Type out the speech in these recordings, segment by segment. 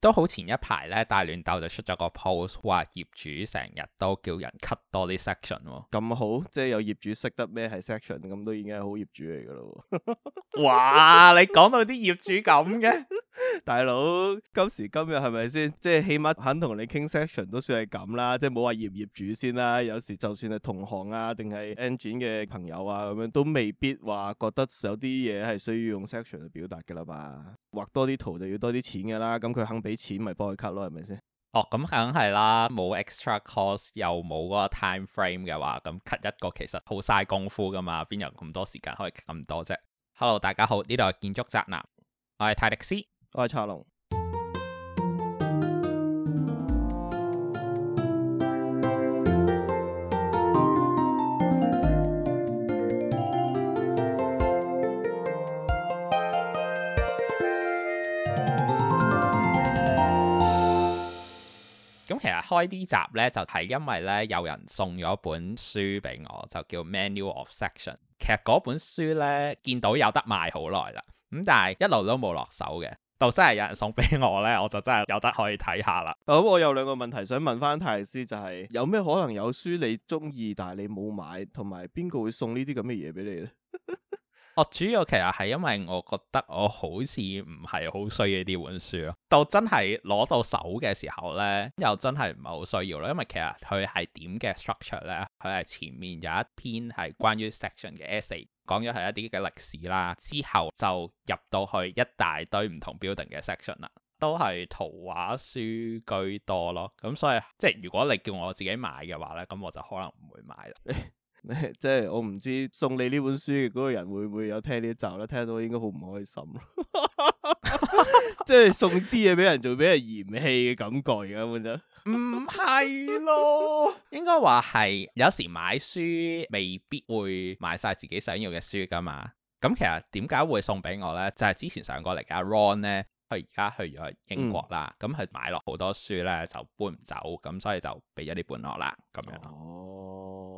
都好前一排咧，大亂鬥就出咗個 post，話業主成日都叫人 cut 多啲 section 喎。咁好，即係有業主識得咩係 section，咁都已經係好業主嚟噶咯。 哇！你講到啲業主咁嘅。 大佬，今時今日係咪先？即係起碼肯同你傾 section 都算係咁啦。即係冇話業業主先啦，有時就算係同行啊，定係 engine 嘅朋友啊，咁樣都未必話覺得有啲嘢係需要用 section 去表達嘅啦吧？畫多啲圖就要多啲錢噶啦，咁佢肯俾錢咪幫佢 cut 咯，係咪先？哦，咁梗係啦，冇 extra cost 又冇嗰個 time frame 嘅話，咁、嗯、cut 一個其實好嘥功夫噶嘛，邊有咁多時間可以 cut 咁多啫？Hello，大家好，呢度係建築宅男，我係泰迪斯。我係插龍。咁，其實開呢集呢，就係因為呢有人送咗本書俾我，就叫 Manual of Section。其實嗰本書呢，見到有得賣好耐啦，咁但係一路都冇落手嘅。到真係有人送俾我呢，我就真係有得可以睇下啦。咁我有兩個問題想問翻泰師，就係、是、有咩可能有書你中意，但係你冇買，同埋邊個會送呢啲咁嘅嘢俾你呢？哦， 主要其實係因為我覺得我好似唔係好需要呢啲本書咯。到真係攞到手嘅時候呢，又真係唔係好需要咯，因為其實佢係點嘅 structure 呢，佢係前面有一篇係關於 section 嘅 essay。講咗係一啲嘅歷史啦，之後就入到去一大堆唔同 building 嘅 section 啦，都係圖畫書居多咯。咁所以，即係如果你叫我自己買嘅話咧，咁我就可能唔會買啦。 即係我唔知送你呢本書嘅嗰個人會唔會有聽呢一集咧？聽到應該好唔開心咯。 即係送啲嘢俾人，做俾人嫌棄嘅感覺本，而家咁就。唔係咯， 應該話係有時買書未必會買晒自己想要嘅書噶嘛。咁其實點解會送俾我呢？就係、係、之前上過嚟嘅 Ron 呢，佢而家去咗英國啦。咁佢、嗯、買落好多書呢，就搬唔走，咁所以就俾咗啲伴落啦。咁樣。哦。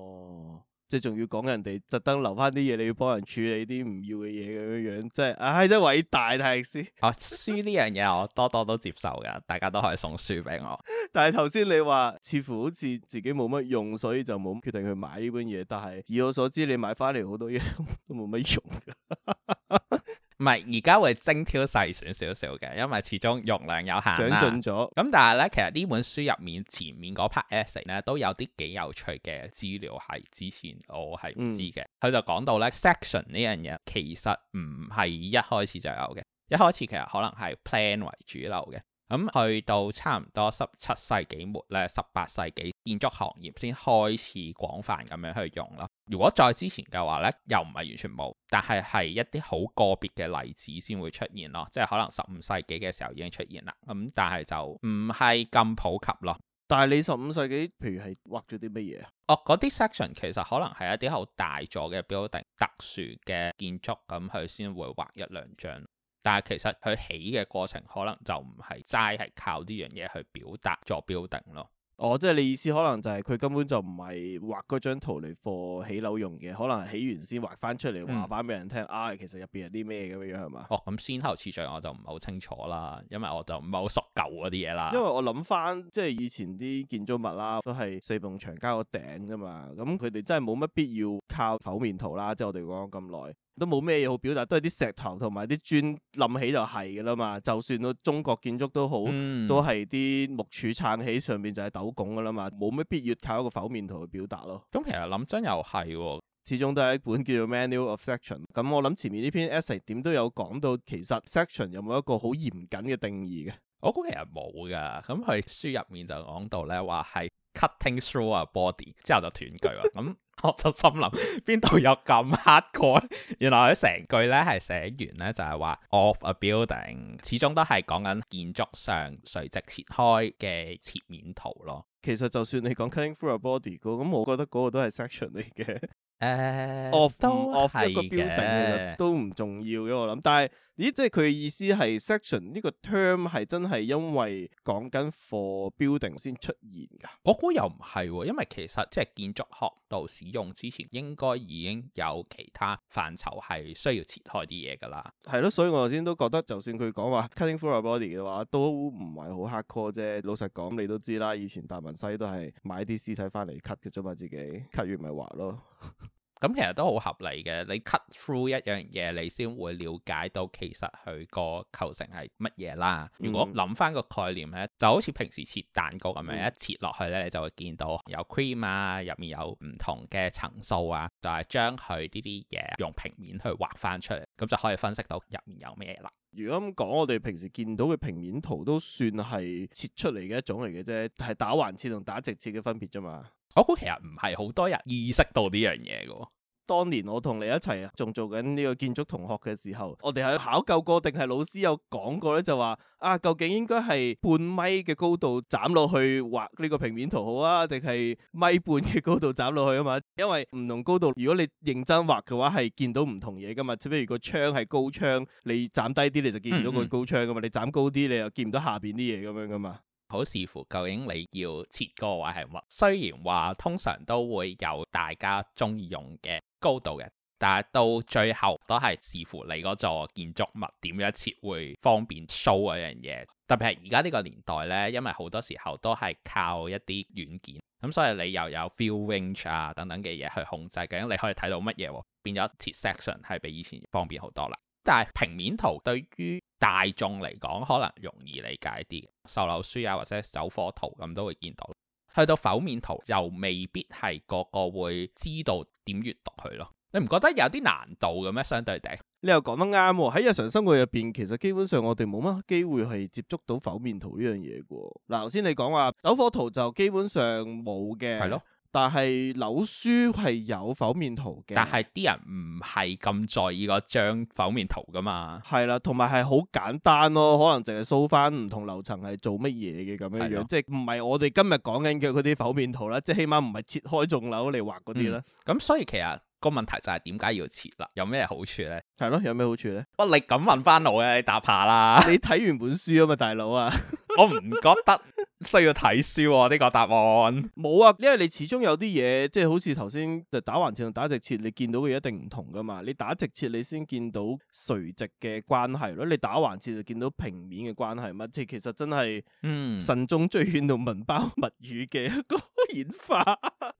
即係仲要講人哋特登留翻啲嘢，你要幫人處理啲唔要嘅嘢咁樣樣，即係唉，真偉大，大，力 士啊。書呢樣嘢我多多都接受噶，大家都可以送書俾我。但係頭先你話似乎好似自己冇乜用，所以就冇決定去買呢本嘢。但係以我所知，你買翻嚟好多嘢都冇乜用噶。 唔係而家會精挑細選少少嘅，因為始終容量有限啦。長進咗。咁、嗯、但係咧，其實呢本書入面前面嗰 part S 咧都有啲幾有趣嘅資料係，係之前我係唔知嘅。佢、嗯、就講到咧 section 呢樣嘢其實唔係一開始就有嘅，一開始其實可能係 plan 為主流嘅。咁去到差唔多十七世紀末咧，十八世紀建築行業先開始廣泛咁樣去用咯。如果再之前嘅話咧，又唔係完全冇，但係係一啲好個別嘅例子先會出現咯。即係可能十五世紀嘅時候已經出現啦，咁但係就唔係咁普及咯。但係你十五世紀，譬如係畫咗啲乜嘢啊？哦，嗰啲 section 其實可能係一啲好大座嘅 building，特殊嘅建築，咁佢先會畫一兩張。但係其實佢起嘅過程可能就唔係齋係靠呢樣嘢去表達作標定咯。哦，即係你意思可能就係佢根本就唔係畫嗰張圖嚟 for 起樓用嘅，可能起完先畫翻出嚟，畫翻俾人聽，嗯、啊其實入邊有啲咩咁樣係嘛？哦，咁先後次序我就唔係好清楚啦，因為我就唔係好熟舊嗰啲嘢啦。因為我諗翻即係以前啲建築物啦，都係四棟牆加個頂噶嘛，咁佢哋真係冇乜必要靠剖面圖啦，即係我哋講咁耐。都冇咩嘢好表達，都係啲石頭同埋啲磚冧起就係㗎啦嘛。就算到中國建築都好，嗯、都係啲木柱撐起上面就係斗拱㗎啦嘛，冇咩必要靠一個剖面圖去表達咯。咁、嗯、其實諗真又係喎，始終都係一本叫做《Manual of Section》、嗯。咁我諗前面呢篇 Essay 點都有講到，其實 Section 有冇一個好嚴謹嘅定義嘅？我估其實冇㗎，咁佢書入面就講到咧話係。cutting through a body，之後就斷句喇。咁、 嗯、我就心諗邊度有咁黑個？原來佢成句咧係寫完咧就係、係、話 of a building，始終都係講緊建築上垂直切開嘅切面圖咯。其實就算你講 cutting through a body 嗰，咁我覺得嗰個都係 section 嚟嘅。Off 誒，其實都都係嘅，都唔重要嘅我諗，但係。咦，即係佢嘅意思係 section 呢個 term 係真係因為講緊 for building 先出現㗎？我估又唔係喎，因為其實即係建築學度使用之前應該已經有其他範疇係需要切開啲嘢㗎啦。係咯，所以我頭先都覺得，就算佢講話 cutting for a body 嘅話，都唔係好 hard core 啫。老實講，你都知啦，以前達文西都係買啲屍體翻嚟 cut 嘅啫嘛，自己 cut 完咪畫咯。 咁其實都好合理嘅，你 cut through 一樣嘢，你先會了解到其實佢個構成係乜嘢啦。如果諗翻個概念咧，就好似平時切蛋糕咁樣，嗯、一切落去咧，你就會見到有 cream 啊，入面有唔同嘅層數啊，就係、是、將佢呢啲嘢用平面去畫翻出嚟，咁就可以分析到入面有咩啦。如果咁講，我哋平時見到嘅平面圖都算係切出嚟嘅一種嚟嘅啫，但係打橫切同打直切嘅分別啫嘛。我估、哦、其實唔係好多人意識到呢樣嘢嘅。當年我同你一齊呀仲做緊呢個建築同學嘅時候，我哋喺考究過，定係老師有講過咧，就話啊，究竟應該係半米嘅高度斬落去畫呢個平面圖好啊，定係米半嘅高度斬落去啊嘛？因為唔同高度，如果你認真畫嘅話，係見到唔同嘢噶嘛。即係譬如個窗係高窗，你斬低啲，你就見唔到佢高窗噶嘛。嗯嗯，你斬高啲，你又見唔到下邊啲嘢咁樣噶嘛。好視乎究竟你要切嗰個位係乜，雖然話通常都會有大家中意用嘅高度嘅，但係到最後都係視乎你嗰座建築物點樣切會方便 show 嗰樣嘢。特別係而家呢個年代咧，因為好多時候都係靠一啲軟件，咁所以你又有 view range 啊等等嘅嘢去控制，究竟你可以睇到乜嘢，變咗切 section 係比以前方便好多啦。但係平面圖對於大眾嚟講，可能容易理解啲，售樓書啊或者走火圖咁都會見到。去到剖面圖又未必係個個會知道點閱讀佢咯。你唔覺得有啲難度嘅咩？相對地，你又講得啱喎、啊。喺日常生活入邊，其實基本上我哋冇乜機會係接觸到剖面圖呢樣嘢嘅。嗱、啊，頭先你講話走火圖就基本上冇嘅。係咯。但係樓書係有剖面圖嘅，但係啲人唔係咁在意嗰張剖面圖噶嘛。係啦，同埋係好簡單咯，可能淨係 show 翻唔同樓層係做乜嘢嘅咁樣樣的，即係唔係我哋今日講緊嘅嗰啲剖面圖啦，即係起碼唔係切開棟樓嚟畫嗰啲啦。咁、嗯、所以其實個問題就係點解要切啦？有咩好處咧？係咯，有咩好處咧？你問我力咁問翻我，你答下啦。你睇完本書啊嘛，大佬啊， 我唔覺得。 需要睇書喎，啊？呢、這個答案冇啊，因為你始終有啲嘢，即係好似頭先就打橫切同打直切，你見到嘅一定唔同噶嘛。你打直切你先見到垂直嘅關係咯，你打橫切就見到平面嘅關係。乜即係其實真係，嗯，慎終追遠同文包物語嘅一個演化。嗯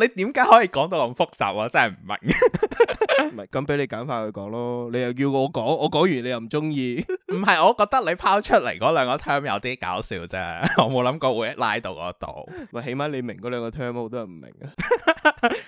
你點解可以講到咁複雜啊？我真係唔明。唔係咁，俾你簡化去講咯。你又叫我講，我講完你又唔中意。唔 係，我覺得你拋出嚟嗰兩個 term 有啲搞笑啫。我冇諗過會拉到嗰度。喂，起碼你明嗰兩個 term，好多人唔明啊。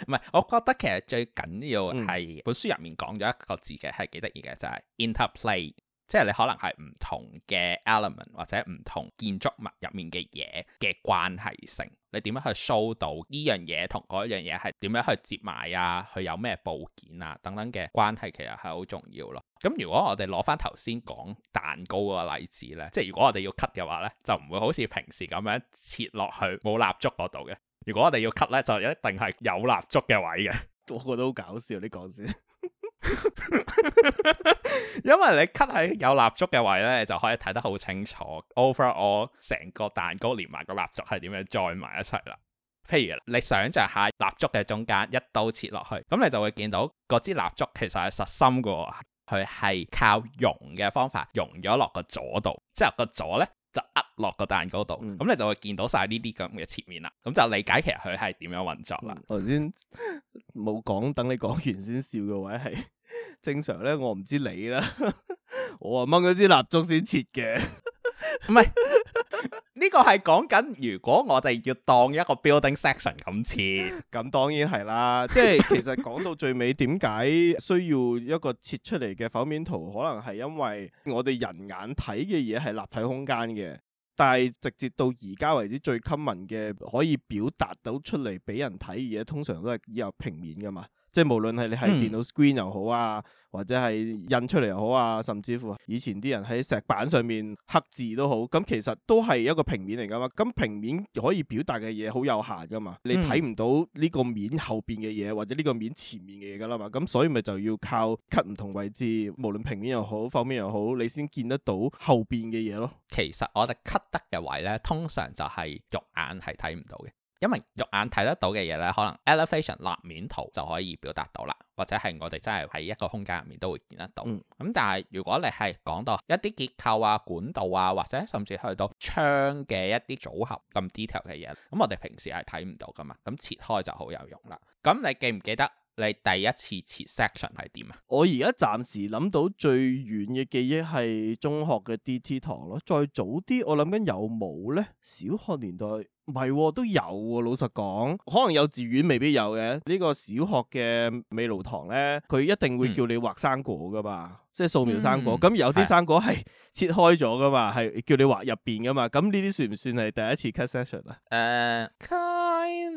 唔 係， 我覺得其實最緊要係本書入面講咗一個字嘅，係幾得意嘅，就係 interplay。即係你可能係唔同嘅 element 或者唔同建築物入面嘅嘢嘅關係性，你點樣去 show 到呢樣嘢同嗰樣嘢係點樣去接埋啊？佢有咩部件啊？等等嘅關係其實係好重要咯。咁如果我哋攞翻頭先講蛋糕嗰個例子咧，即係如果我哋要 cut 嘅話咧，就唔會好似平時咁樣切落去冇蠟燭嗰度嘅。如果我哋要 cut 咧，就一定係有蠟燭嘅位嘅。我覺得好搞笑，你講先。 因為你 cut 喺有蠟燭嘅位咧，就可以睇得好清楚。Over 我成個蛋糕連埋個蠟燭係點樣載埋一齊啦。譬如你想象下蠟燭嘅中間一刀切落去，咁你就會見到嗰支蠟燭其實係實心噶。佢係靠溶嘅方法溶咗落個左度，之後個左咧就壓落個蛋糕度。咁、嗯、你就會見到晒呢啲咁嘅切面啦。咁就理解其實佢係點樣運作啦。頭先冇講，等你講完先笑嘅位係。正常咧，我唔知你啦。 我話掹咗支蠟燭先切嘅，唔係。呢個係講緊如果我哋要當一個 building section 咁切，咁 當然係啦。即係其實講到最尾，點解需要一個切出嚟嘅剖面圖？可能係因為我哋人眼睇嘅嘢係立體空間嘅，但係直接到而家為止最 common 嘅可以表達到出嚟俾人睇嘅嘢，通常都係以有平面噶嘛。即係無論係你係電腦 screen 又好啊，或者係印出嚟又好啊，甚至乎以前啲人喺石板上面刻字都好，咁其實都係一個平面嚟噶嘛。咁平面可以表達嘅嘢好有限噶嘛，你睇唔到呢個面後邊嘅嘢或者呢個面前面嘅嘢噶啦嘛。咁所以咪就要靠 cut 唔同位置，無論平面又好，剖面又好，你先見得到後邊嘅嘢咯。其實我哋 cut 得嘅位咧，通常就係肉眼係睇唔到嘅。因為肉眼睇得到嘅嘢咧，可能 elevation 立面圖就可以表達到啦，或者係我哋真係喺一個空間入面都會見得到。咁、嗯、但係如果你係講到一啲結構啊、管道啊，或者甚至去到窗嘅一啲組合咁 detail 嘅嘢，咁我哋平時係睇唔到噶嘛，咁切開就好有用啦。咁你記唔記得？你第一次切 section 係點啊？我而家暫時諗到最遠嘅記憶係中學嘅 DT 堂咯，再早啲我諗緊有冇呢？小學年代唔係、哦、都有喎、哦，老實講，可能幼稚園未必有嘅。呢、這個小學嘅美勞堂呢，佢一定會叫你畫生果噶嘛，嗯、即係素描生果。咁、嗯、有啲生果係是切開咗噶嘛，係叫你畫入邊噶嘛。咁呢啲算唔算係第一次 cut section 啊？誒、呃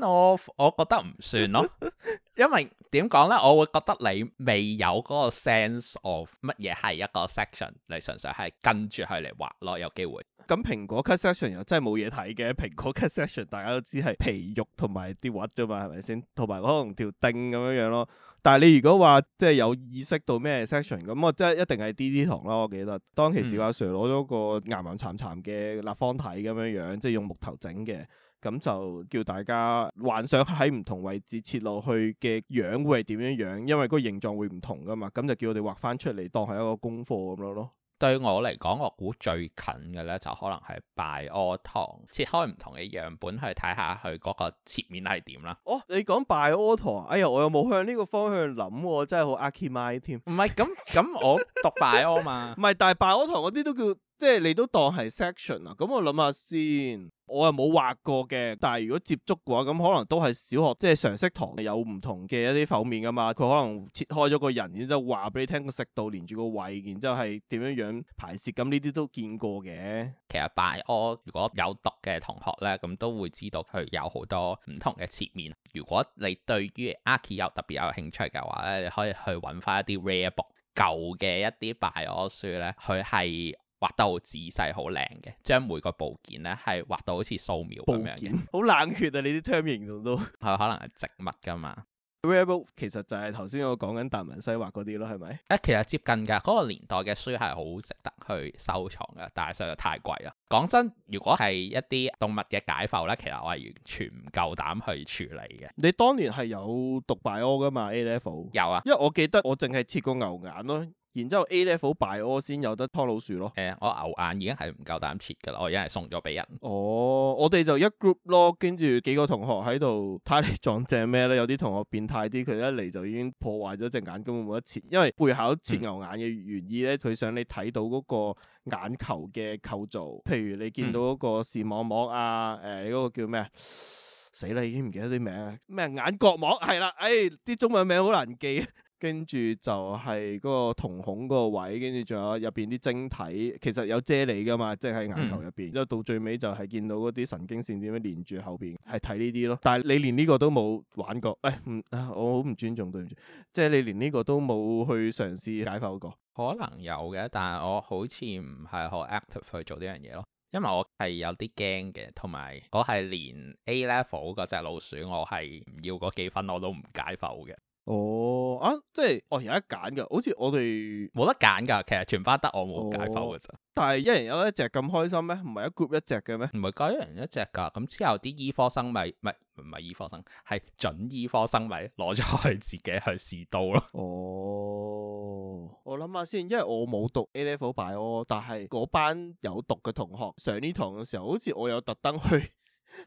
我我覺得唔算咯， 因為點講咧，我會覺得你未有嗰個 sense of 乜嘢係一個 section，你純粹係跟住佢嚟畫咯，有機會。咁蘋、嗯、果 cut section 又真係冇嘢睇嘅，蘋果 cut section 大家都知係皮肉同埋啲核啫嘛，係咪先？同埋可能條釘咁樣樣咯。但係你如果話即係有意識到咩 section，咁我即係一定係 D D 堂咯。我記得當其時阿 Sir 攞咗個巖巖潺潺嘅立方體咁樣樣，即係用木頭整嘅。咁就叫大家幻想喺唔同位置切落去嘅樣會係點樣樣，因為嗰個形狀會唔同噶嘛。咁就叫我哋畫翻出嚟當係一個功課咁樣咯。對我嚟講，我估最近嘅咧就可能係 Bio 堂，切開唔同嘅樣本去睇下佢嗰個切面係點啦。哦，你講 Bio 堂，哎呀，我又冇向呢個方向諗，真係好阿 key 埋添。唔係咁咁，我，我讀 Bio 嘛。唔係， 但係 Bio 堂嗰啲都叫。即係你都當係 section 啊！咁我諗下先，我又冇畫過嘅。但係如果接觸嘅話，咁可能都係小學，即係常識堂有唔同嘅一啲剖面㗎嘛。佢可能切開咗個人，然之後話俾你聽個食道連住個胃，然之後係點樣樣排泄，咁呢啲都見過嘅。其實 bio，如果有讀嘅同學咧，咁都會知道佢有好多唔同嘅切面。如果你對於阿 k i 有特別有興趣嘅話咧，你可以去揾翻一啲 rare book 舊嘅一啲 bio 書咧，佢係。畫得好仔細好靚嘅，將每個部件咧係畫到好似素描咁樣嘅。好件 冷血啊！你啲 term 形容都係 可能係植物噶嘛。Rare book 其實就係頭先我講緊達文西畫嗰啲咯，係咪？誒，其實接近噶，嗰、嗰個年代嘅書係好值得去收藏噶，但係實在太貴啦。講真，如果係一啲動物嘅解剖咧，其實我係完全唔夠膽去處理嘅。你當年係有讀 bio 噶嘛？A level 有啊，因為我記得我淨係切過牛眼咯。然之後 A level 敗我先有得劏老鼠咯。誒、嗯，我牛眼已經係唔夠膽切噶啦，我已經係送咗俾人。哦，我哋就一 group 咯，跟住幾個同學喺度睇，你撞正咩咧？有啲同學變態啲，佢一嚟就已經破壞咗隻眼，根本冇得切。因為背後切牛眼嘅原意咧，佢、嗯、想你睇到嗰個眼球嘅構造。譬如你見到嗰個視網膜啊，誒、呃，你嗰個叫咩？死啦，已經唔記得啲名。咩眼角膜係啦，誒，啲、哎、中文名好難記。跟住就係嗰個瞳孔嗰個位，跟住仲有入邊啲晶體，其實有啫喱噶嘛，即係喺眼球入邊。之後、嗯、到最尾就係見到嗰啲神經線點樣連住後邊，係睇呢啲咯。但係你連呢個都冇玩過，誒，唔，我好唔尊重，對唔住，即係你連呢個都冇去嘗試解剖過。可能有嘅，但係我好似唔係好 active 去做呢樣嘢咯，因為我係有啲驚嘅，同埋我係連 A level 嗰隻老鼠，我係唔要嗰幾分，我都唔解剖嘅。哦。啊，即係我而家揀噶，好似我哋冇得揀噶，其實全班得我冇解剖噶咋，哦。但係一人有一隻咁開心咩？唔係一 group 一隻嘅咩？唔係一人一隻噶。咁之後啲醫科生咪咪唔係醫科生，係準醫科生咪攞咗去自己去試刀咯。哦，我諗下先，因為我冇讀 A level by 咯，但係嗰班有讀嘅同學上呢堂嘅時候，好似我有特登去。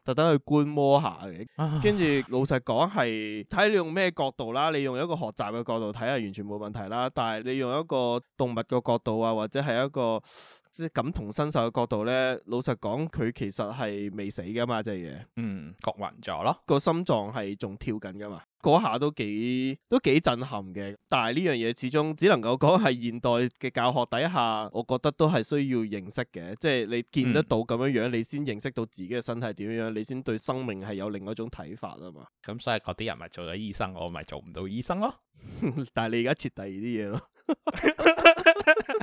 特登去觀摩下嘅，跟住老實講，係睇你用咩角度啦，你用一個學習嘅角度睇係完全冇問題啦，但係你用一個動物嘅角度啊，或者係一個。即係感同身受嘅角度咧，老實講，佢其實係未死噶嘛，隻嘢，嗯，焗暈咗咯，個心臟係仲跳緊噶嘛，嗰下都幾都幾震撼嘅。但係呢樣嘢始終只能夠講係現代嘅教學底下，我覺得都係需要認識嘅。即係你見得到咁樣樣，嗯、你先認識到自己嘅身體點樣，你先對生命係有另一種睇法啊嘛。咁、嗯、所以嗰啲人咪做咗醫生，我咪做唔到醫生咯。 但係你而家切第二啲嘢咯。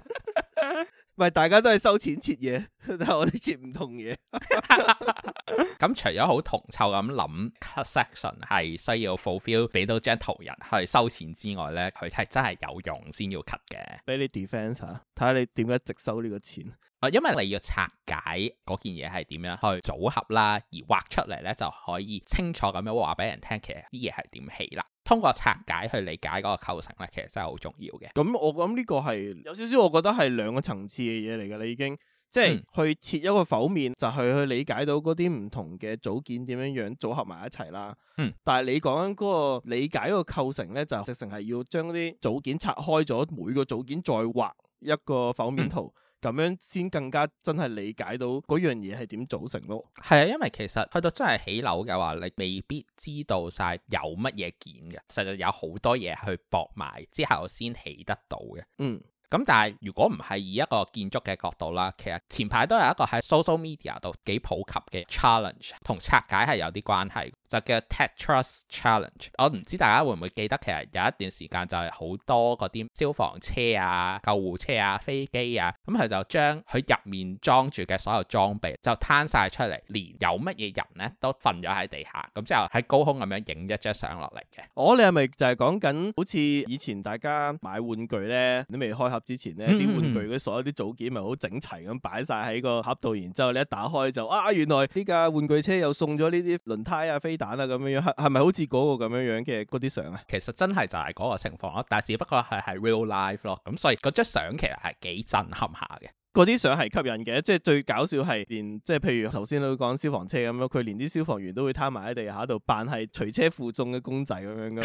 咪大家都係收錢切嘢。 我啲接唔同嘢、 嗯。咁除咗好同臭咁諗 ，cut section 係需要 fulfill 俾到 gentle 人去收錢之外咧，佢係真係有用先要 cut 嘅。俾你 defense 睇下你點解直收呢個錢。啊、嗯，因為你要拆解嗰件嘢係點樣去組合啦，而畫出嚟咧就可以清楚咁樣話俾人聽，其實啲嘢係點起啦。通過拆解去理解嗰個構成咧，其實真係好重要嘅。咁我諗呢個係有少少，我覺得係兩個層次嘅嘢嚟噶你已經。即係去切一個剖面，就係、是、去理解到嗰啲唔同嘅組件點樣樣組合埋一齊啦。嗯，但係你講緊嗰個理解個構成咧，就直成係要將啲組件拆開咗，每個組件再畫一個剖面圖，咁、嗯、樣先更加真係理解到嗰樣嘢係點組成咯。係啊，因為其實去到真係起樓嘅話，你未必知道晒有乜嘢件嘅，實在有好多嘢去駁埋之後先起得到嘅。嗯。咁但係如果唔係以一個建築嘅角度啦，其實前排都有一個喺 social media 度幾普及嘅 challenge 同拆解係有啲關係，就叫 Tetris Challenge。我唔知大家會唔會記得，其實有一段時間就係好多嗰啲消防車啊、救護車啊、飛機啊，咁、嗯、佢就將佢入面裝住嘅所有裝備就攤晒出嚟，連有乜嘢人咧都瞓咗喺地下，咁之後喺高空咁樣影一張相落嚟嘅。我、哦、你係咪就係講緊好似以前大家買玩具咧，你未開盒？之前咧啲、mm hmm. 玩具嘅所有啲組件咪好整齊咁擺晒喺個盒度，然之後咧一打開就啊，原來呢架玩具車又送咗呢啲輪胎啊、飛彈啊咁樣樣，係咪好似嗰個咁樣樣嘅嗰啲相啊？其實真係就係個情況啊，但係只不過係係 real life 咯，咁所以嗰張相其實係幾震撼下嘅。嗰啲相係吸引嘅，即係最搞笑係，連即係譬如頭先都講消防車咁樣，佢連啲消防員都會攤埋喺地下度扮係隨車附送嘅公仔咁樣噶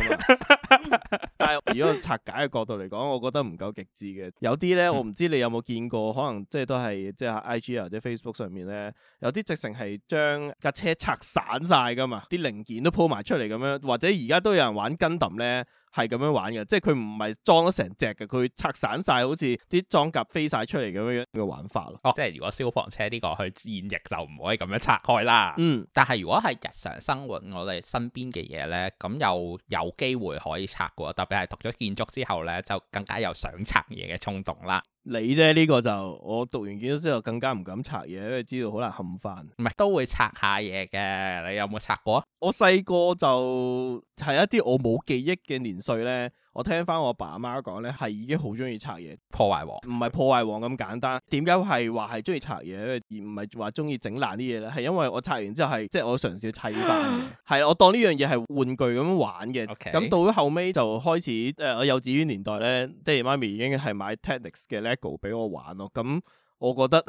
嘛。 但係如果拆解嘅角度嚟講，我覺得唔夠極致嘅。有啲咧，我唔知你有冇見過，可能即係都係即係 IG 或者 Facebook 上面咧，有啲直成係將架車拆散晒噶嘛，啲零件都鋪埋出嚟咁樣，或者而家都有人玩跟揼咧。係咁樣玩嘅，即係佢唔係裝咗成隻嘅，佢拆散晒，好似啲裝甲飛晒出嚟咁樣嘅玩法咯。哦，即係如果消防車呢個去演繹就唔可以咁樣拆開啦。嗯，但係如果係日常生活我哋身邊嘅嘢咧，咁又有機會可以拆嘅，特別係讀咗建築之後咧，就更加有想拆嘢嘅衝動啦。你啫，呢個就，我讀完建築之後更加唔敢拆嘢，因為知道好難冚翻。唔係都會拆下嘢嘅，你有冇拆過啊？我細個就係一啲我冇記憶嘅年歲咧。我聽翻我爸阿媽講咧，係已經好中意拆嘢，破壞王，唔係破壞王咁簡單。點解係話係中意拆嘢，而唔係話中意整爛啲嘢咧？係因為我拆完之後係即係我嘗試砌翻嘅，係 我當呢樣嘢係玩具咁玩嘅。咁 Okay. 到咗後尾就開始誒、呃，我幼稚園年代咧，爹哋媽咪已經係買 t e n n i s 嘅 LEGO 俾我玩咯。咁我覺得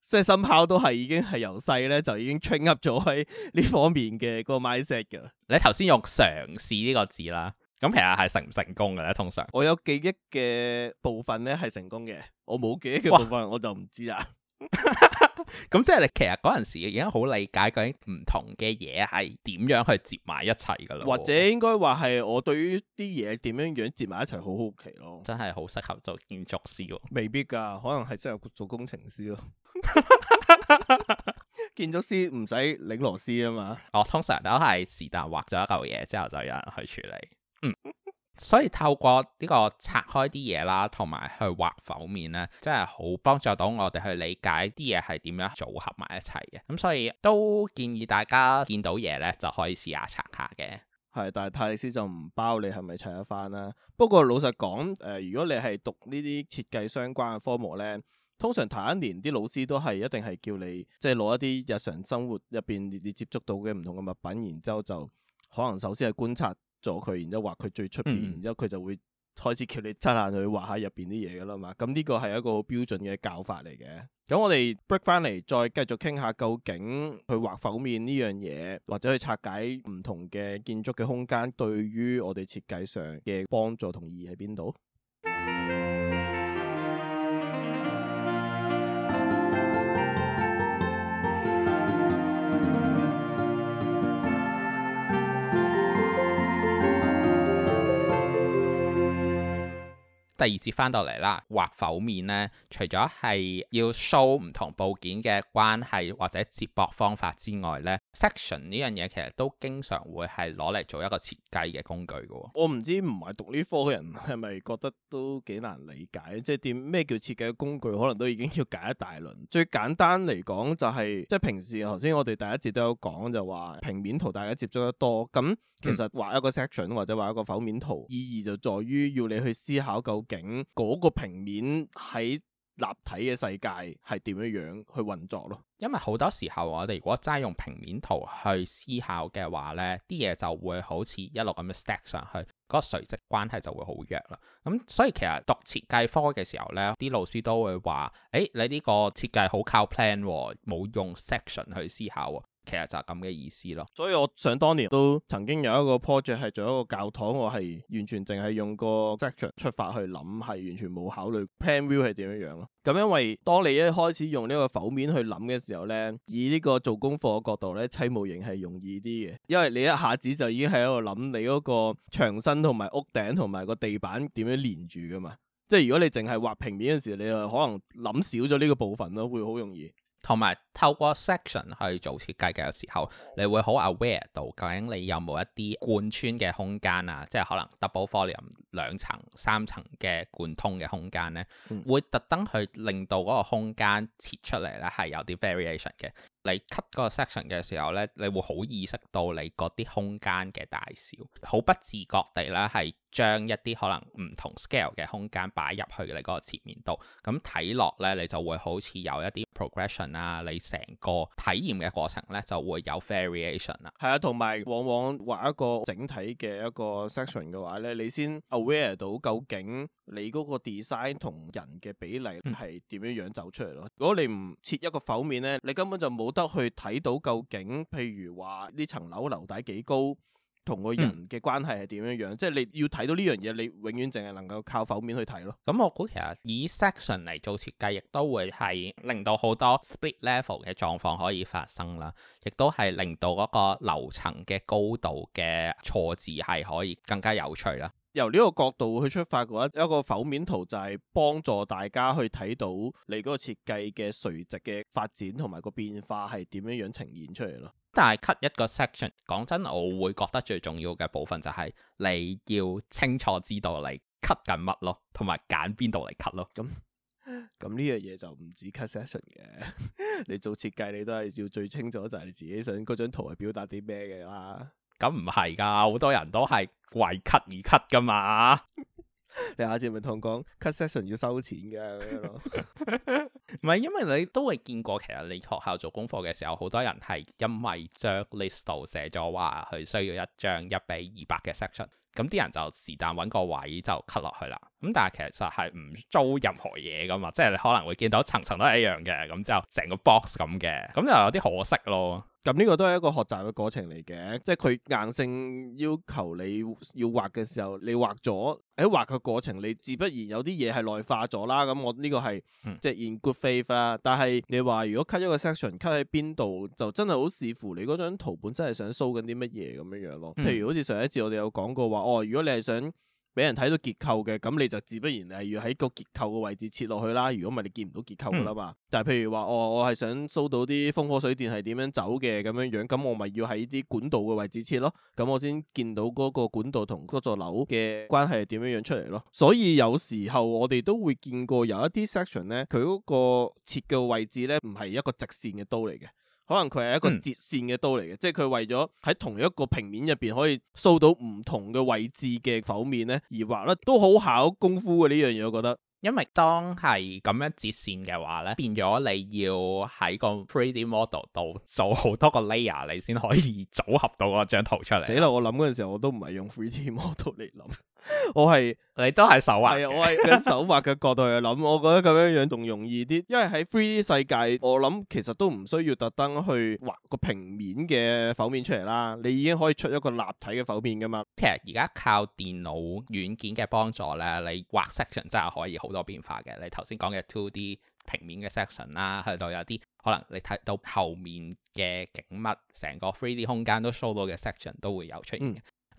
即係 somehow 都係已經係由細咧就已經 train up 咗喺呢方面嘅個 mindset 嘅。你頭先用嘗試呢個字啦。咁其實係成唔成功嘅咧？通常我有記憶嘅部分咧，係成功嘅，我冇記憶嘅部分哇 我就唔知啦。咁 即係你其實嗰陣時已經好理解究竟唔同嘅嘢係點樣去接埋一齊噶啦。或者應該話係我對於啲嘢點樣樣接埋一齊好好奇咯。真係好適合做建築師喎。未必噶，可能係適合做工程師咯。 建築師唔使擰螺絲啊嘛。哦，通常都係是但畫咗一嚿嘢之後就有人去處理。嗯、所以透過呢個拆開啲嘢啦，同埋去畫剖面咧，真係好幫助到我哋去理解啲嘢係點樣組合埋一齊嘅。咁、嗯、所以都建議大家見到嘢咧就可以試下拆下嘅。係，但係泰師就唔包你係咪拆得返啦。不過老實講，誒、呃，如果你係讀呢啲設計相關嘅科目咧，通常頭一年啲老師都係一定係叫你即係攞一啲日常生活入邊你你接觸到嘅唔同嘅物品，然之後就可能首先係觀察。咗佢，然之後畫佢最出面，嗯、然之後佢就會開始叫你拆爛去畫下入邊啲嘢噶啦嘛。咁呢個係一個好標準嘅教法嚟嘅。咁我哋 break 翻嚟，再繼續傾下，究竟去畫剖面呢樣嘢，或者去拆解唔同嘅建築嘅空間，對於我哋設計上嘅幫助同意義喺邊度？嗯第二節翻到嚟啦，畫剖面咧，除咗係要 show 唔同部件嘅關係或者接駁方法之外咧，section 呢樣嘢其實都經常會係攞嚟做一個設計嘅工具嘅。我唔知唔係讀呢科嘅人係咪覺得都幾難理解，即係點咩叫設計嘅工具，可能都已經要解一大輪。最簡單嚟講就係、是，即係平時頭先我哋第一節都有講就話平面圖大家接觸得多，咁其實畫一個 section 或者畫一個剖面圖意義就在於要你去思考個景嗰個平面喺立體嘅世界係點樣樣去運作咯。因為好多時候我哋如果齋用平面圖去思考嘅話呢，啲嘢就會好似一路咁樣 stack 上去，嗰個垂直關係就會好弱啦。咁所以其實讀設計科嘅時候呢，啲老師都會話：誒，你呢個設計好靠 plan 喎，冇用 section 去思考啊！其實就咁嘅意思咯，所以我想當年都曾經有一個 project 係做一個教堂，我係完全淨係用個 section 出發去諗，係完全冇考慮 plan view 係點樣樣咯。咁因為當你一開始用呢個剖面去諗嘅時候呢，以呢個做功課嘅角度呢，砌模型係容易啲嘅，因為你一下子就已經喺度諗你嗰個牆身同埋屋頂同埋個地板點樣連住噶嘛。即係如果你淨係畫平面嘅時候，你就可能諗少咗呢個部分咯，會好容易。同埋透過 section 去做設計嘅時候，你會好 aware 到究竟你有冇一啲貫穿嘅空間啊，即係可能 double volume 兩層三層嘅貫通嘅空間咧，嗯、會特登去令到個空間切出嚟咧係有啲 variation 嘅。你 cut 個 section 嘅時候咧，你會好意識到你啲空間嘅大小，好不自覺地咧係將一啲可能唔同 scale 嘅空間擺入去你個前面度，咁睇落咧你就會好似有一啲。progression 啊，progression, 你成個體驗嘅過程咧就會有 variation 啦。係啊，同埋往往畫一個整體嘅一個 section 嘅話咧，你先 aware 到究竟你嗰個 design 同人嘅比例係點樣樣走出嚟咯。嗯、如果你唔切一個剖面咧，你根本就冇得去睇到究竟，譬如話呢層樓樓底幾高。同個人嘅關係係點樣樣？嗯、即係你要睇到呢樣嘢，你永遠淨係能夠靠剖面去睇咯。咁我估其實以 section 嚟做設計，亦都會係令到好多 split level 嘅狀況可以發生啦。亦都係令到嗰個樓層嘅高度嘅錯置係可以更加有趣啦。由呢個角度去出發嘅話，一個剖面圖就係幫助大家去睇到你嗰個設計嘅垂直嘅發展同埋個變化係點樣樣呈現出嚟咯。但係 cut 一個 section，講真，我會覺得最重要嘅部分就係、是、你要清楚知道你 cut 緊乜咯，同埋揀邊度嚟 cut 咯。咁咁呢樣嘢就唔止 cut section 嘅，你做設計你都係要最清楚就係你自己想嗰張圖係表達啲咩嘅啦。咁唔係噶，好、 嗯嗯、多人都係為 cut 而 cut 噶嘛。 你下次咪同講 cut section 要收錢嘅咁咯，唔係 因為你都會見過，其實你學校做功課嘅時候，好多人係因為將 list 度寫咗話佢需要一張一比二百嘅 section，咁啲人就是但揾個位就 cut 落去啦。咁但係其實實係唔租任何嘢噶嘛，即係你可能會見到層層都係一樣嘅，咁之後成個 box 咁嘅，咁又有啲可惜咯。咁呢個都係一個學習嘅過程嚟嘅，即係佢硬性要求你要畫嘅時候，你畫咗喺畫嘅過程，你自不然有啲嘢係內化咗啦。咁我呢個係、嗯、即係 in good faith 啦。但係你話如果 cut 一個 section cut 喺邊度，就真係好視乎你嗰張圖本身係想 show 緊啲乜嘢咁樣樣咯。嗯、譬如好似上一次我哋有講過話，哦，如果你係想，俾人睇到結構嘅，咁你就自不然係要喺個結構嘅位置切落去啦。如果唔係，你見唔到結構噶啦嘛。但係譬如話，哦，我係想 show 到啲風火水電係點樣走嘅咁樣樣，咁我咪要喺啲管道嘅位置切咯。咁我先見到嗰個管道同嗰座樓嘅關係係點樣樣出嚟咯。所以有時候我哋都會見過有一啲 section 咧，佢嗰個切嘅位置咧，唔係一個直線嘅刀嚟嘅。可能佢係一個摺線嘅刀嚟嘅，嗯、即係佢為咗喺同一個平面入邊可以掃到唔同嘅位置嘅剖面咧而畫啦，都好考功夫嘅呢樣嘢，我覺得。因為當係咁樣摺線嘅話咧，變咗你要喺個 3D model 度做好多個 layer，你先可以組合到嗰張圖出嚟。死啦！我諗嗰陣時候我都唔係用 3D model 嚟諗。我係你都係手畫，我係用手畫嘅角度去諗， 我覺得咁樣樣仲容易啲。因為喺 three D 世界，我諗其實都唔需要特登去畫個平面嘅剖面出嚟啦，你已經可以出一個立體嘅剖面噶嘛。其實而家靠電腦軟件嘅幫助咧，你畫 section 真係可以好多變化嘅。你頭先講嘅 two D 平面嘅 section 啦，去到有啲可能你睇到後面嘅景物，成個 three D 空間都 show 到嘅 section 都會有出現。嗯。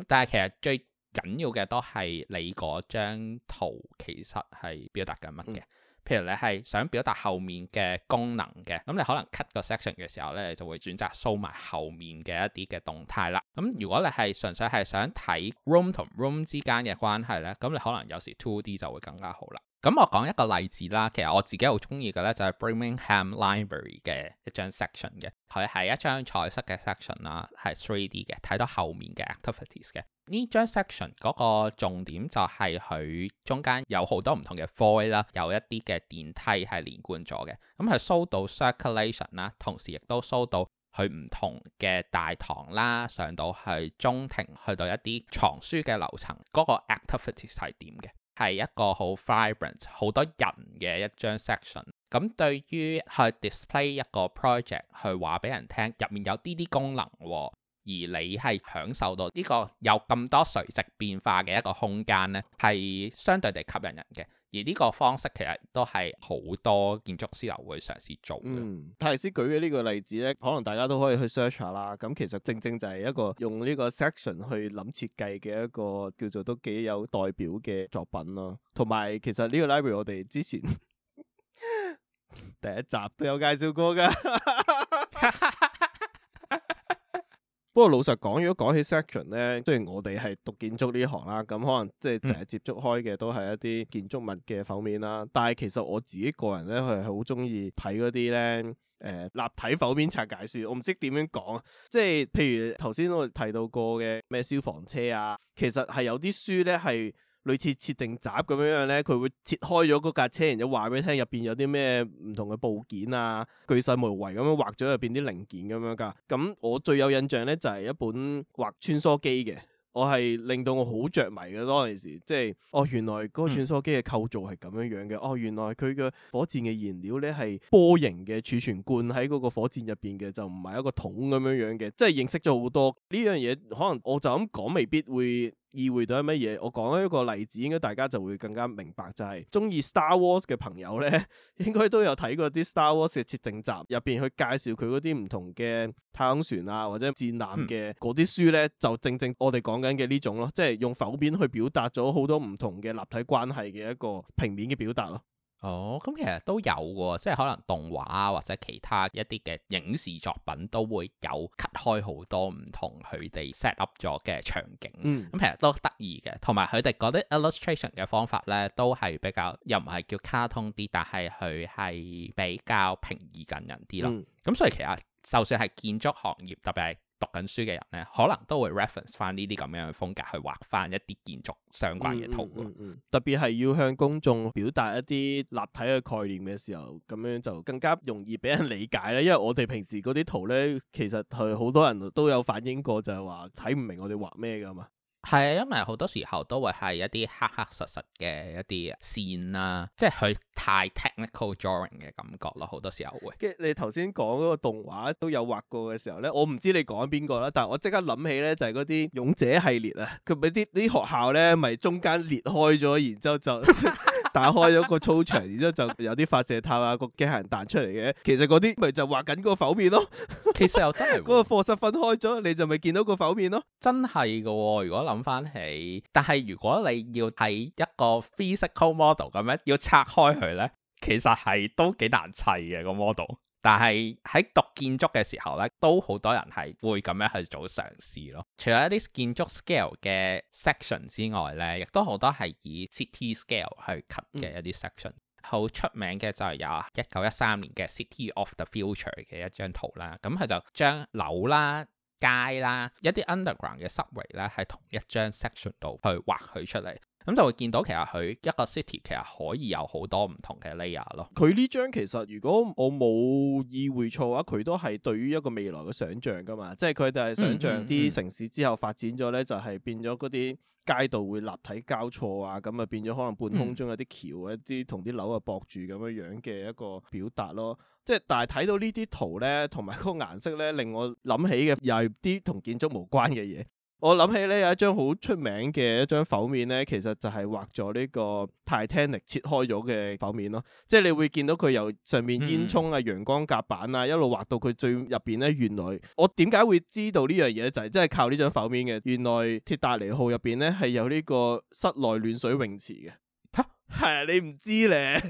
但係其實最。緊要嘅都係你嗰張圖其實係表達緊乜嘅？譬如你係想表達後面嘅功能嘅，咁你可能 cut 個 section 嘅時候呢，你就會選擇 show 埋後面嘅一啲嘅動態啦。咁如果你係純粹係想睇 room 同 room 之間嘅關係呢，咁你可能有時 two D 就會更加好啦。咁我講一個例子啦，其實我自己好中意嘅呢，就係 Birmingham Library 嘅一張 section 嘅，佢係一張彩色嘅 section 啦，係 three D 嘅，睇到後面嘅 activities 嘅。呢張 section 嗰個重點就係佢中間有好多唔同嘅 floor 啦，有一啲嘅電梯係連貫咗嘅，咁係 show 到 circulation 啦，同時亦都 show 到去唔同嘅大堂啦，上到去中庭，去到一啲藏書嘅樓層，嗰個 activity 係點嘅？係一個好 vibrant 好多人嘅一張 section。咁對於去 display 一個 project 去話俾人聽，入面有啲啲功能喎。而你係享受到呢個有咁多垂直變化嘅一個空間呢，係相對地吸引人嘅。而呢個方式其實都係好多建築師樓會嘗試做嘅。泰、嗯、斯舉嘅呢個例子呢，可能大家都可以去 search 下啦。咁、嗯、其實正正就係一個用呢個 section 去諗設計嘅一個叫做都幾有代表嘅作品咯。同埋其實呢個 library 我哋之前 第一集都有介紹過㗎。 不過老實講，如果講起 section 咧， 雖然我哋係讀建築呢行啦，咁可能即係成日接觸開嘅都係一啲建築物嘅剖面啦。但係其實我自己個人咧，係好中意睇嗰啲咧，誒立體剖面拆解書。我唔識點樣講啊，即係譬如頭先我哋提到過嘅咩消防車啊，其實係有啲書咧係。類似設定閘咁樣樣咧，佢會切開咗嗰架車，然之後話俾你聽入邊有啲咩唔同嘅部件啊，巨細無遺咁樣畫咗入邊啲零件咁樣㗎。咁我最有印象咧就係一本畫穿梭機嘅，我係令到我好着迷嘅。嗰陣時即係哦，原來個穿梭機嘅構造係咁樣樣嘅。哦，原來佢嘅、嗯哦、火箭嘅燃料咧係波形嘅儲存罐喺嗰個火箭入邊嘅，就唔係一個桶咁樣樣嘅。即係認識咗好多呢樣嘢，可能我就咁講，未必會意會到係乜嘢？我講一個例子，應該大家就會更加明白。就係中意 Star Wars 嘅朋友咧，應該都有睇過啲 Star Wars 嘅設定集，入邊去介紹佢嗰啲唔同嘅太空船啊，或者戰艦嘅嗰啲書咧，就正正我哋講緊嘅呢種咯，即係用剖面去表達咗好多唔同嘅立體關係嘅一個平面嘅表達咯。哦，咁其實都有喎，即係可能動畫啊，或者其他一啲嘅影視作品都會有 cut 開好多唔同佢哋 set up 咗嘅場景，咁、嗯、其實都得意嘅。同埋佢哋嗰啲 illustration 嘅方法咧，都係比較又唔係叫卡通啲，但係佢係比較平易近人啲咯。咁、嗯、所以其實就算係建築行業，特別係讀緊書嘅人咧，可能都會 reference 翻呢啲咁樣嘅風格去畫翻一啲建築相關嘅圖咯、嗯嗯嗯嗯。特別係要向公眾表達一啲立體嘅概念嘅時候，咁樣就更加容易俾人理解啦。因為我哋平時嗰啲圖咧，其實係好多人都有反映過就，就係話睇唔明我哋畫咩噶嘛。係啊，因為好多時候都會係一啲黑黑實實嘅一啲線啦、啊，即係佢太 technical drawing 嘅感覺咯。好多時候會，即係你頭先講嗰個動畫都有畫過嘅時候咧，我唔知你講邊個啦，但係我即刻諗起咧就係嗰啲勇者系列啊，佢俾啲啲學校咧咪、就是、中間裂開咗，然之後就。 打開咗個操場，然之後就有啲發射塔啊，個機械人彈出嚟嘅。其實嗰啲咪就畫緊個剖面咯。 其實又真係嗰 個課室分開咗，你就咪見到個剖面咯。真係㗎喎！如果諗翻起，但係如果你要睇一個 physical model 咁樣要拆開佢咧，其實係都幾難砌嘅個 model。但係喺讀建築嘅時候咧，都好多人係會咁樣去做嘗試咯。除咗一啲建築 scale 嘅 section 之外咧，亦都好多係以 city scale 去 cut 嘅一啲 section。好出、嗯、名嘅就係有一九一三年嘅 City of the Future 嘅一張圖啦。咁佢就將樓啦、街啦、啊、一啲 underground 嘅 subway 啦，喺同一張 section 度去畫佢出嚟。咁就會見到其實佢一個 city 其實可以有好多唔同嘅 layer 咯。佢呢張其實如果我冇意會錯嘅話，佢都係對於一個未來嘅想像噶嘛。即係佢就係想像啲城市之後發展咗咧，就係、是、變咗嗰啲街道會立體交錯啊，咁啊變咗可能半空中有啲橋，嗯、一啲同啲樓啊駁住咁樣樣嘅一個表達咯。即係但係睇到呢啲圖咧，同埋嗰個顏色咧，令我諗起嘅又係啲同建築無關嘅嘢。我諗起咧有一張好出名嘅一張剖面咧，其實就係畫咗呢個 Titanic 切開咗嘅剖面咯，即係你會見到佢由上面煙囪啊、陽光甲板啊，一路畫到佢最入邊咧。原來我點解會知道呢樣嘢就係真係靠呢張剖面嘅。原來鐵達尼號入邊咧係有呢個室內暖水泳池嘅。吓，啊，係、哎，你唔知咧？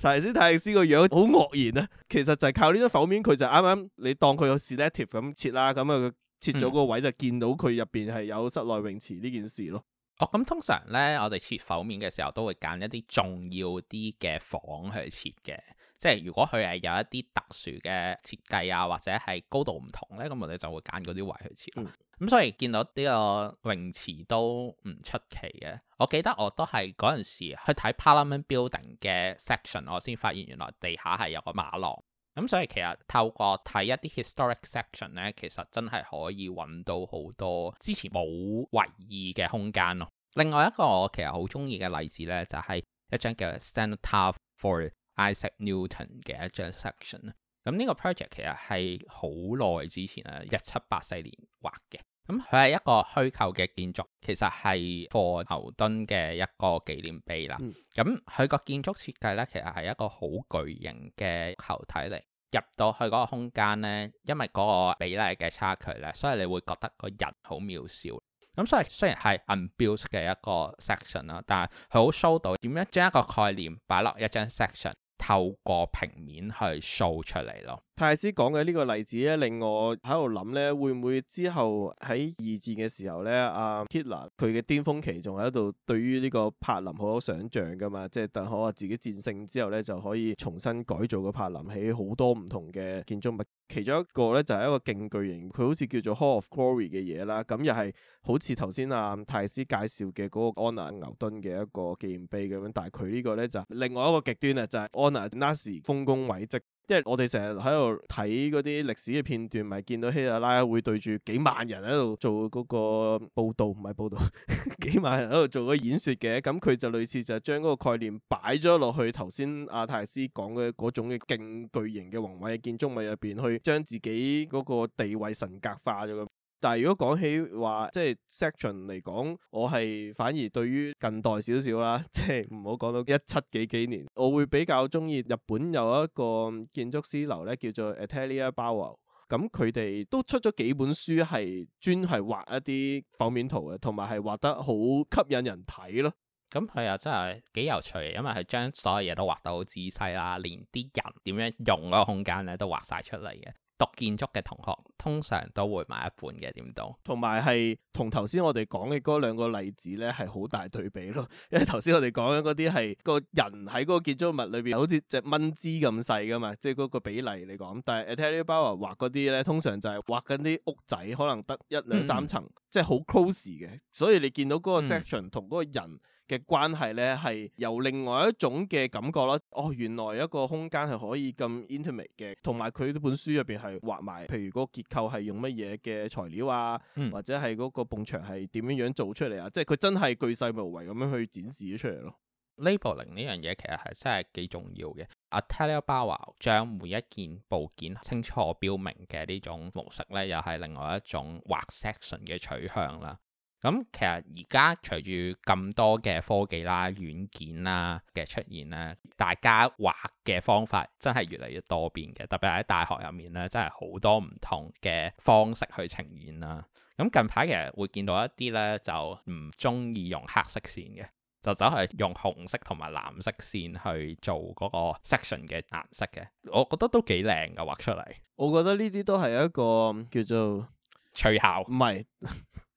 頭 先泰迪師個樣好愕然啊！其實就係靠呢張剖面，佢就啱啱你當佢個 selective 咁切啦，咁啊。切咗、嗯、個位就見到佢入邊係有室內泳池呢件事咯。哦，咁通常呢，我哋切剖面嘅時候都會揀一啲重要啲嘅房去切嘅。即係如果佢係有一啲特殊嘅設計啊，或者係高度唔同呢，咁我哋就會揀嗰啲位去切。咁、嗯、所以見到呢個泳池都唔出奇嘅。我記得我都係嗰陣時去睇 Parliament Building 嘅 Section，我先發現原來地下係有個馬路。咁所以其實透過睇一啲 historic section 咧，其實真係可以揾到好多之前冇為意嘅空間咯。另外一個我其實好中意嘅例子咧，就係一張叫《Stand Tall for Isaac Newton》嘅一張 section。咁呢個 project 其實係好耐之前啊，一七八四年畫嘅。咁佢係一個虛構嘅建築，其實係霍牛頓嘅一個紀念碑啦。咁佢個建築設計咧，其實係一個好巨型嘅球體嚟。入到去嗰個空間咧，因為嗰個比例嘅差距咧，所以你會覺得個人好渺小。咁所以雖然係 unbuilt 嘅一個 section 啦，但係佢好 show 到點樣將一個概念擺落一張 section，透過平面去 show 出嚟咯。泰斯講嘅呢個例子咧，令我喺度諗咧，會唔會之後喺二戰嘅時候咧，阿 Hitler 佢嘅巔峰期仲喺度，對於呢個柏林好有想象噶嘛，即係等可自己戰勝之後咧，就可以重新改造個柏林，起好多唔同嘅建築物。其中一個咧就係、是、一個勁巨型，佢好似叫做 Hall of Glory 嘅嘢啦。咁、嗯、又係好似頭先阿泰斯介紹嘅嗰個安娜牛頓嘅一個紀念碑咁樣。但係佢呢個咧就係、是、另外一個極端啊，就係安娜 Nazi 豐功偉績。即係我哋成日喺度睇嗰啲歷史嘅片段，咪見到希特拉會對住幾萬人喺度做嗰個報道，唔係報道， 幾萬人喺度做個演說嘅。咁佢就類似就將嗰個概念擺咗落去頭先阿泰斯講嘅嗰種嘅勁巨型嘅宏偉嘅建築物入邊，去將自己嗰個地位神格化咗。但係如果講起話，即係 section 嚟講，我係反而對於近代少少啦，即係唔好講到一七幾幾年，我會比較中意日本有一個建築師流咧，叫做 Atelier b a w Wow。咁佢哋都出咗幾本書，係專係畫一啲剖面圖嘅，同埋係畫得好吸引人睇咯。咁係啊，真係幾有趣，因為係將所有嘢都畫得好仔細啦，啊，連啲人點樣用嗰個空間咧都畫晒出嚟嘅。讀建築嘅同學通常都會買一本嘅點到，同埋係同頭先我哋講嘅嗰兩個例子咧，係好大對比咯。因為頭先我哋講嗰啲係個人喺嗰個建築物裏邊，好似隻蚊螆咁細噶嘛，即係嗰個比例嚟講。但係 Atelier Bow-Wow 畫嗰啲咧，通常就係畫緊啲屋仔，可能得一兩三層，嗯、即係好 close 嘅。所以你見到嗰個 section 同嗰個人，嗯嘅關係咧，係由另外一種嘅感覺啦。哦，原來一個空間係可以咁 intimate 嘅，同埋佢呢本書入邊係畫埋，譬如嗰個結構係用乜嘢嘅材料啊，嗯、或者係嗰個埲牆係點樣做出嚟啊，即係佢真係巨細無遺咁樣去展示咗出嚟咯。Labeling 呢樣嘢其實係真係幾重要嘅。Atelier Bow-Wow 將每一件部件清楚標明嘅呢種模式咧，又係另外一種畫 section 嘅取向啦。咁、嗯、其實而家隨住咁多嘅科技啦、軟件啦嘅出現咧，大家畫嘅方法真係越嚟越多變嘅。特別喺大學入面咧，真係好多唔同嘅方式去呈現啦。咁、嗯、近排其實會見到一啲咧，就唔中意用黑色線嘅，就走係用紅色同埋藍色線去做嗰個 section 嘅顏色嘅。我覺得都幾靚㗎畫出嚟。我覺得呢啲都係一個叫做趣巧，唔係效。不是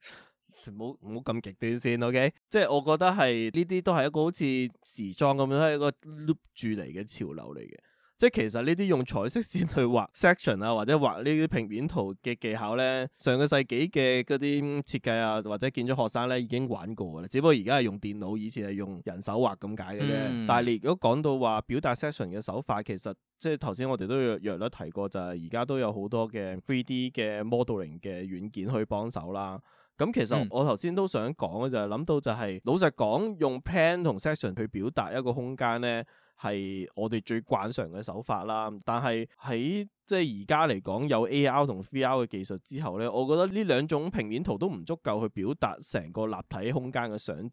唔好咁極端先，OK？即係我覺得係呢啲都係一個好似時裝咁樣都係一個 loop 住嚟嘅潮流嚟嘅。即係其實呢啲用彩色線去畫 section 啊，或者畫呢啲平面圖嘅技巧咧，上個世紀嘅嗰啲設計啊，或者建築學生咧已經玩過嘅啦。只不過而家係用電腦，以前係用人手畫咁解嘅啫。嗯、但係你如果講到話表達 section 嘅手法，其實即係頭先我哋都約略咗提過，就係而家都有好多嘅 three D 嘅 modeling 嘅軟件可以幫手啦。咁其實我頭先都想講嘅就係諗到就係老實講，用 plan 同 section 去表達一個空間咧，係我哋最慣常嘅手法啦。但係喺即係而家嚟講有 AR 同 VR 嘅技術之後咧，我覺得呢兩種平面圖都唔足夠去表達成個立體空間嘅想像，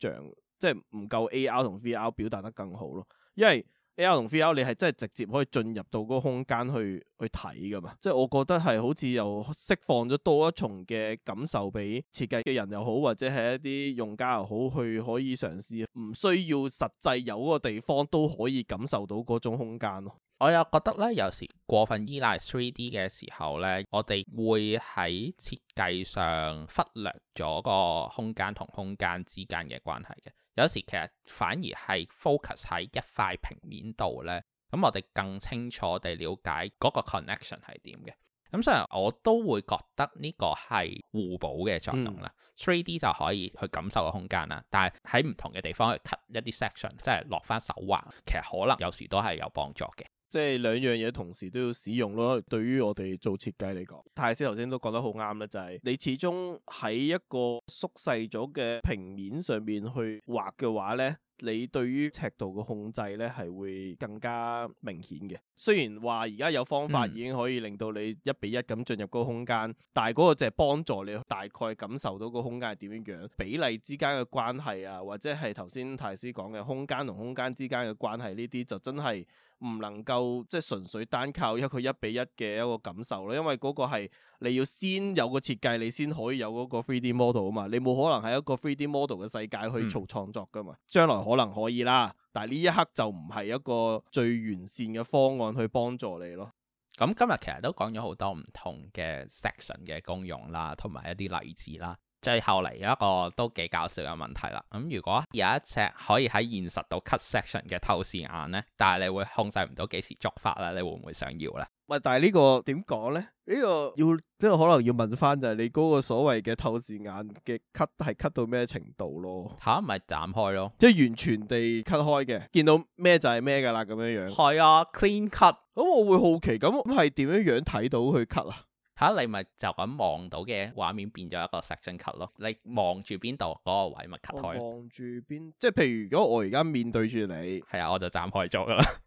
即係唔夠 AR 同 VR 表達得更好咯，因為。L 同 f l 你係真係直接可以進入到嗰個空間去去睇噶嘛？即係我覺得係好似又釋放咗多一重嘅感受俾設計嘅人又好，或者係一啲用家又好，去可以嘗試唔需要實際有嗰個地方都可以感受到嗰種空間咯。我又覺得咧，有時過分依賴 3D 嘅時候咧，我哋會喺設計上忽略咗個空間同空間之間嘅關係嘅。有時其實反而係 focus 喺一塊平面度咧，咁我哋更清楚地了解嗰個 connection 係點嘅。咁所以我都會覺得呢個係互補嘅作用啦。Three、嗯、D 就可以去感受個空間啦，但係喺唔同嘅地方去 cut 一啲 section，即係落翻手畫，其實可能有時都係有幫助嘅。即係兩樣嘢同時都要使用咯。對於我哋做設計嚟講，泰斯頭先都講得好啱啦，就係、是、你始終喺一個縮細咗嘅平面上面去畫嘅話咧。你對於尺度嘅控制咧，係會更加明顯嘅。雖然話而家有方法已經可以令到你一比一咁進入嗰個空間，但係嗰個就係幫助你大概感受到個空間係點樣樣，比例之間嘅關係啊，或者係頭先太師講嘅空間同空間之間嘅關係呢啲，就真係唔能夠即係純粹單靠一個一比一嘅一個感受咯。因為嗰個係你要先有個設計，你先可以有嗰個 three D model 啊嘛。你冇可能喺一個 three D model 嘅世界去做創作噶嘛。將來可能可以啦，但係呢一刻就唔係一個最完善嘅方案去幫助你咯。咁今日其實都講咗好多唔同嘅 section 嘅功用啦，同埋一啲例子啦。最後嚟有一個都幾搞笑嘅問題啦。咁如果有一隻可以喺現實度 cut section 嘅透視眼咧，但係你會控制唔到幾時觸發啦，你會唔會想要咧？喂，但係呢個點講咧？呢、呢個要即係可能要問翻就係你嗰個所謂嘅透視眼嘅 cut 係 cut 到咩程度咯？吓咪斬開咯，即係完全地 cut 開嘅，見到咩就係咩噶啦咁樣樣。係啊，clean cut。咁、嗯、我會好奇咁係點樣樣睇到佢 cut 啊？吓、啊，你咪就咁望到嘅畫面變咗一個 section cut 咯。你望住邊度嗰個位咪 cut 開？望住邊？即係譬如如果我而家面對住你，係、嗯、啊，我就斬開咗噶啦。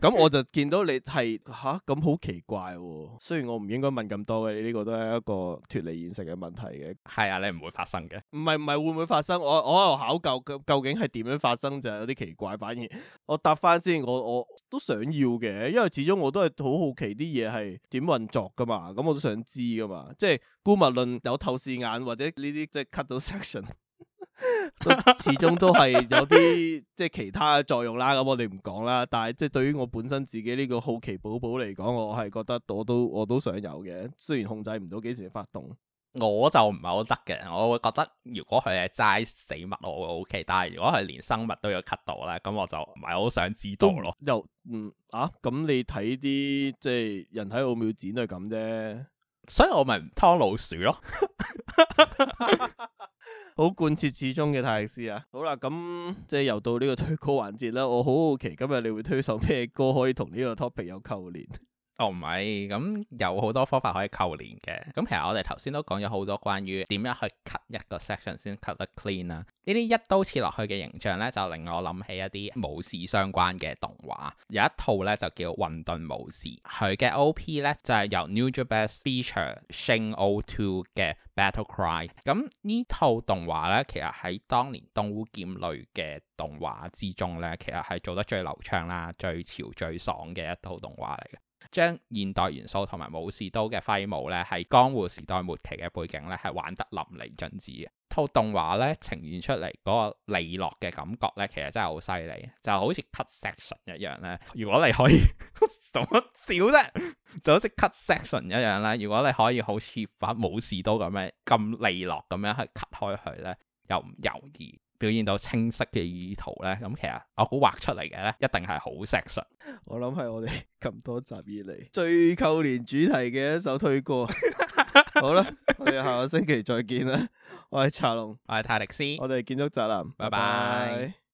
咁 我就見到你係吓咁好奇怪，哦，雖然我唔應該問咁多嘅，呢個都係一個脫離現實嘅問題嘅。係啊，你唔會發生嘅？唔係唔係會唔會發生？我我喺度考究究竟係點樣發生就係、是、有啲奇怪，反而我答翻先，我我都想要嘅，因為始終我都係好好奇啲嘢係點運作噶嘛，咁我都想知噶嘛，即係姑勿論有透視眼或者呢啲即係 cut 到 section。 始終都係有啲即係其他嘅作用啦，咁我哋唔講啦。但係即係對於我本身自己呢個好奇寶寶嚟講，我係覺得我都我都想有嘅，雖然控制唔到幾時發動。 我就唔係好得嘅，我會覺得如果係齋死物我會 OK，但係如果係連生物都有 cut 到咧，咁我就唔係好想知道咯。又嗯，嗯啊，咁你睇啲即係人體奧妙展都係咁啫。所以我咪唔劏老鼠咯，好貫徹始終嘅泰力斯啊！好啦，咁 即係又到呢個推歌環節啦！我好好奇今日你會推首咩歌可以同呢個 topic 有扣連。 哦，唔係、oh，咁有好多方法可以扣連嘅。咁其實我哋頭先都講咗好多關於點樣去 cut 一個 section 先 cut 得 clean 啦。呢啲一刀切落去嘅形象咧，就令我諗起一啲武士相關嘅動畫。有一套咧就叫《混沌武士》，佢嘅 OP 咧就係、是、由 Nujabes feat. Shing02 嘅 Battle Cry。咁呢套動畫咧，其實喺當年刀劍類嘅動畫之中咧，其實係做得最流暢啦、最潮、最爽嘅一套動畫嚟嘅。將現代元素同埋武士刀嘅揮舞咧，係江戶時代末期嘅背景咧，係玩得淋漓盡致嘅。套動畫咧，呈現出嚟嗰個利落嘅感覺咧，其實真係好犀利，就好似 cut section 一樣咧。如果你可以 做乜笑啫， 就好似 cut section 一樣咧。如果你可以好似把武士刀咁樣咁利落咁樣去 cut 開佢咧，又唔猶豫。表現到清晰嘅意圖咧，咁其實我估畫出嚟嘅咧，一定係好 sexy。我諗係我哋咁多集以嚟最扣連主題嘅一首推歌。 好啦，我哋下個星期再見啦。我係茶龍，我係泰迪斯，我哋建築宅男，拜拜 bye。Bye bye